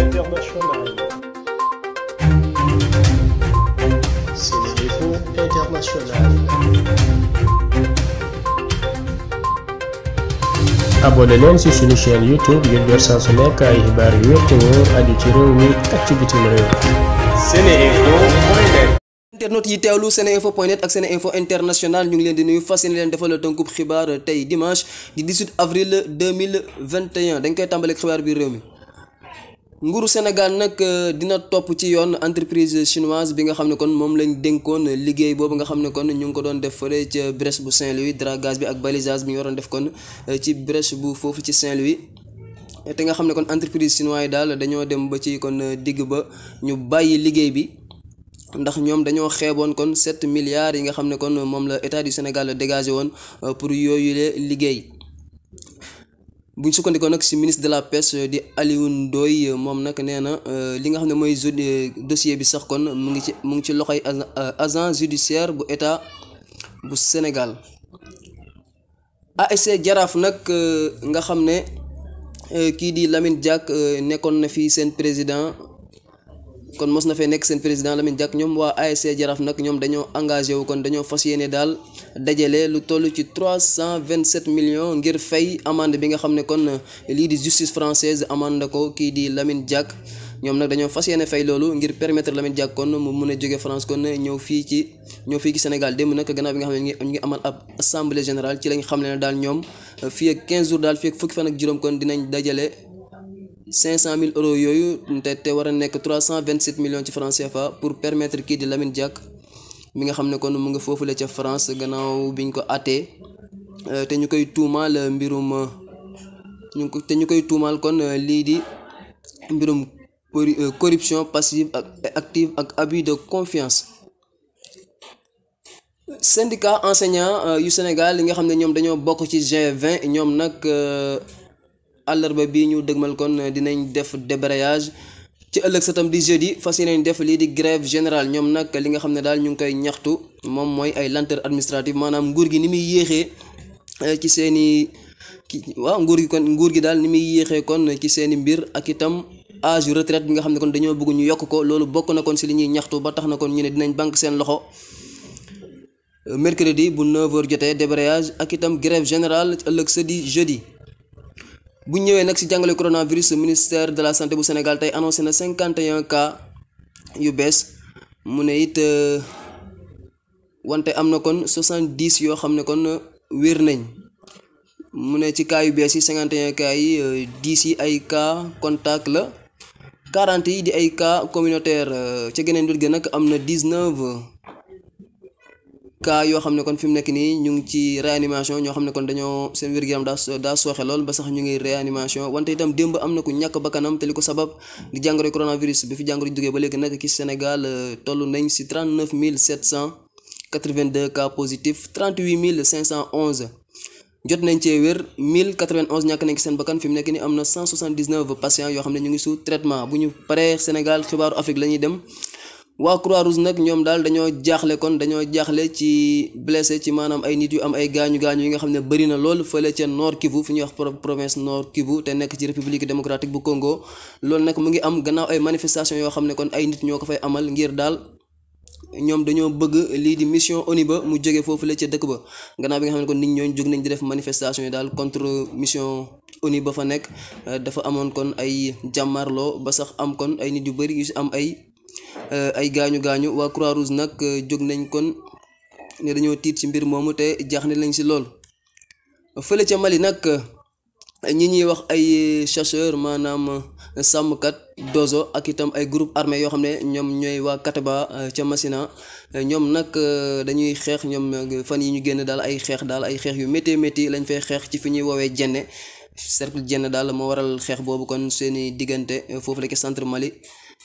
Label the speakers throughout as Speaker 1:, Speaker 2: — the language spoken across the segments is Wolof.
Speaker 1: internationale. Scénario international. abonné leen ci suñu chaîne YouTube ngir jot saa su nekk ay xibaar yu wér te wóor aju ci réew mi ak ci bitim réew. Seneinfo.net internet ñu ngi leen di nuyu fas yéene leen defal tënkub xibaar tey dimanche di 18 avril 2021 dañ koy tàmbale xibaar biir réew mi. nguuru Sénégal nag euh, dina topp ci yoon entreprise chinoise bi nga xam ne kon moom lañ dénkoon liggéey boobu nga xam ne kon ñu ngi ko doon def fële ca brèche bu Saint-Louis dragage bi ak balisage bi def kon euh, ci brèche bu foofu ci Saint-Louis. te nga xam ne kon entreprise chinoise yi daal dañoo dem ba ci kon euh, digg ba ñu bàyyi liggéey bi. ndax ñoom dañoo xeeboon kon sept milliards yi nga xam ne kon moom la état du Sénégal dégagé woon pour yooyule liggéey bu ñu sukkandikoo nag si ministre de la pêche di Alioune doy moom nag nee na euh, li nga xam ne mooy euh, dossier bi sax kon mu ngi ci mu ngi ci loxoy euh, agent judiciaire bu état bu Sénégal ASC Jaraaf nag nga xam ne kii di lamin Diack nekkoon na fi seen président kon mos na fee nekk seen président Lamine Diack ñoom waa ASC Jaraaf nag ñoom dañoo engagé wu kon dañoo fas yéene daal dajale lu toll ci 327 millions ngir fay amende bi nga xam ne kon lii di justice française amende ko kii di Lamine Diack ñoom nag dañoo fas yéene fay loolu ngir permettre lamin Diack kon mu mun a jóge France kon ñëw fii ci ñëw fii ci Sénégal démb nag gannaaw bi nga xam ne ñu ngi amal ab assemblée générale ci lañ xam ne daal ñoom fii ak 15 daal fii ak fukki fan juróom kon dinañ dajale. cinq cent mille euros yooyu te te war a nekk trois cent vingt sept millions ci franc CFA pour permettre kii di lamin Diack mi nga xam ne kon mu nga foofule ca France gannaaw biñ ko àttee euh, te ñu koy tuumaal mbirum ñu te ñu koy tuumaal kon euh, lii di mbirum euh, corruption passive ak active ak abus de confiance. syndicat enseignant yu Sénégal li nga xam ne ñoom dañoo bokk ci G20 ñoom nag. àllarba bii ñu dëgmal kon euh, dinañ def débrayage ci ëllëg sa tam di jeudi fas yéeneen def lii di grève général ñoom nag li nga xam ne daal ñu ngi koy ñaxtu moom mooy ay lenteur administrative maanaam nguur gi ni muy yéexee euh, ci seeni ki waaw nguur gi kon nguur gi daal ni muy yéexee kon ci seeni mbir ak itam âge yu retraite bi nga xam ne kon dañoo bëgg ñu yokk ko loolu bokk na kon si li ñuy ñaxtu ba tax na kon ñu ne dinañ banque seen loxo euh, mercredi bu 9h jotee ak itam grève générale ëllëg sa di bu ñëwee nag si jàngale coronavirus ministère de la santé bu Sénégal tey annoncé na 51 cas yu bees mu ne it euh, wante am na kon 70 yoo xam ne kon wér nañ mu ne ci kaa yu bees yi 51 cas yi 10 euh, yi ay cas contact la 40 yi di ay kaa communautaire euh, ca geneen wet gi nag am na 19. cas yoo xam ne kon fi mu nekk nii ñu ngi ci réanimation ñoo xam ne kon dañoo seen wér gu daa sooxe lool ba sax ñu ngi réanimation wante itam démb am na ku ñàkk bakkanam te li ko sabab di jàngoro coronavirus bi fi jàngoro jógee ba léegi nag ci Sénégal euh, toll nañ si 39 782 cas positifs 38 511 jot nañ cee wér 1091 ñàkk nañ ci seen bakkan fi mu nekk nii am na 179 patients yoo xam ne ñu ngi sous traitement bu ñu paree Sénégal xibaaru Afrique la dem. waa croix rouge nag ñoom daal dañoo jaaxle kon dañoo jaaxle ci blessé ci maanaam ay nit yu am ay gaañu gaañu yi nga xam ne bëri na lool fële ca nord Kivu fu ñu wax province nord Kivu te nekk ci république démocratique bu Congo loolu nag mu ngi am gannaaw ay manifestation yoo xam ne kon ay nit ñoo ko fay amal ngir daal ñoom dañoo bëgg lii di mission ONU ba mu jógee foofu la ca dëkk ba gannaaw bi nga xam ne kon nit ñooñu jóg nañ di def manifestation yi daal contre mission ONU ba fa nekk dafa amoon kon ay jàmmarloo ba sax am kon ay nit yu bëri yu si am ay. Euh, ay gaañu gaañu waa Croix Rouge nag euh, jóg nañ kon ne dañoo tiit ci mbir moomu te jaax jaaxle nañ si lool fële ca Mali nag euh, ñi ñuy wax ay chasseur maanaam sàmmkat dozo ak itam ay groupe armé yoo xam ne ñoom ñooy waa Kataba ca Masina ñoom nag dañuy xeex ñoom fan yi ñu génn daal ay xeex daal ay xeex yu métti métti lañ fay xeex ci fi ñuy woowee jenne cercle jenn daal moo waral xeex boobu kon seeni diggante foofu la centre Mali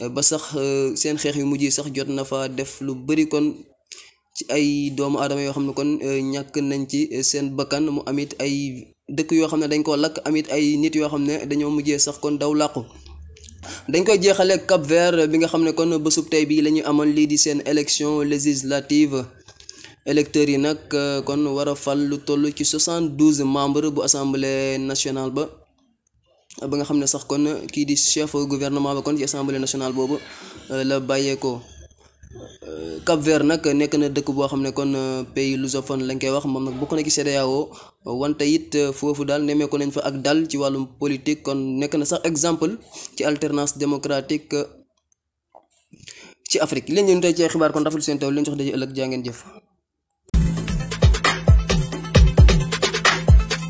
Speaker 1: Euh, ba sax euh, seen xeex yu mujj sax jot na fa def lu bëri kon ci ay doomu aadama yoo xam ne kon euh, ñàkk nañ ci seen bakkan mu amit ay dëkk yoo xam ne dañ koo lakk amit ay nit yoo xam ne dañoo mujjee sax kon daw làqu dañ koy jeexale Cap Vert bi nga xam ne kon bésub tey bii la ñu amoon lii di seen élection législative électeurs yi nag kon war a fal lu toll ci soixante-douze membres bu assemblée nationale ba ba nga xam ne sax kon kii di chef gouvernement ba kon ci assemblée nationale boobu euh, la bàyyeekoo euh, Cap Vert nag nekk na dëkk boo xam ne kon euh, pays lusophone lañ koy wax moom nag bokk na ci CEDEAO wante it foofu daal nemmeeku nañ fa ak dal ci wàllum politique kon nekk na sax exemple ci alternance démocratique ci Afrique leen ñu tey ci xibaar kon rafetlu seen taw leen jox daje ëllëg jaa ngeen jëf.